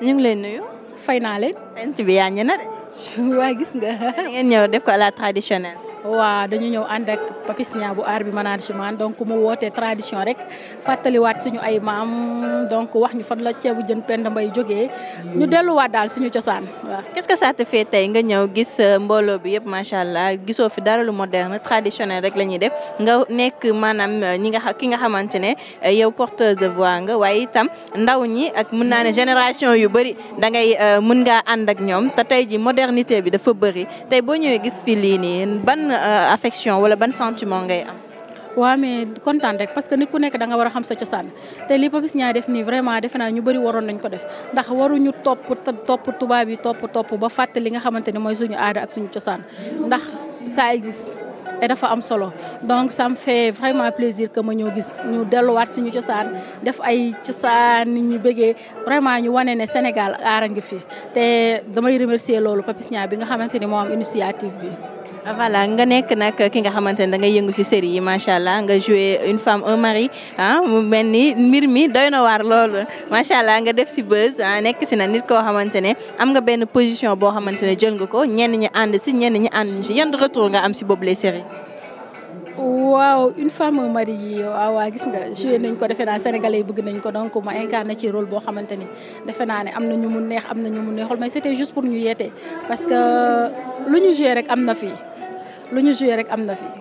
ñu ngi lay nuyu. fay naa leen. sant bi yaa ñu na de. gis nga. ngeen ñëw def ko à la traditionnelle. waa dañu ñëw ànd ak Papis Nia bu aar bi management donc mu woote tradition rek fàttaliwaat suñu ay maam donc wax ñu fan la ceebu jën Penda Mbaye jógee ñu delluwaat daal suñu cosaan waaw. qu'est-ce que ça te fait tey nga ñëw gis euh, mbooloo bi yëpp macha allah gisoo fi dara lu moderne traditionnel rek la ñuy def nga nekk maanaam euh, ñi nga ki nga xamante ne euh, yow porteur de voix nga waaye itam ndaw ñi ak mun naa ne génération yu bëri da ngay mën ngaa ànd ak ñoom te tey ji modernité bi dafa bëri tey boo ñëwee gis fi lii ban euh, affection wala ban sentiment ngay am. waaw mais kontaan rek parce que nit ku nekk da nga war a xam sa cosaan te li Papis Niang def nii vraiment defe naa ñu bari waroon nañ ko def ndax waruñu topp topp tubaab yi topp topp ba fàtte li nga xamante ne mooy suñu aada ak suñu cosaan ndax saa existe et dafa am solo donc ça me fait vraiment plaisir que ma ñëw gis ñu delluwaat suñu cosaan def ay cosaan nit ñu bëggee vraiment ñu wane ne Sénégal aar a ngi fi te damay remercier loolu Papis bi nga xamante ni moo am initiative bi. Ah, voilà nga nekk nag ki nga xamante ne da ngay yëngu si série yi macha allah nga joué une femme un mari ah mu mel ni mbir mi doy na waar lool macha allah nga def si buzz ah, nekk si na nit koo xamante ne am nga benn position boo xamante ne jël nga ko ñenn ñi ànd si ñenn ñu ànd si yan retour nga am si boobu les séries. waaw une mari yi waaw waa gis nga joué nañ ko defe naa sénégalais bëgg nañ ko donc ma incarné ci rôle boo xamante ni defe naa ne am na ñu mu neex am na ñu mu neexul mais c'était juste pour ñu yete parce que lu ñu joué rek am na fii. lu ñu joué rek am na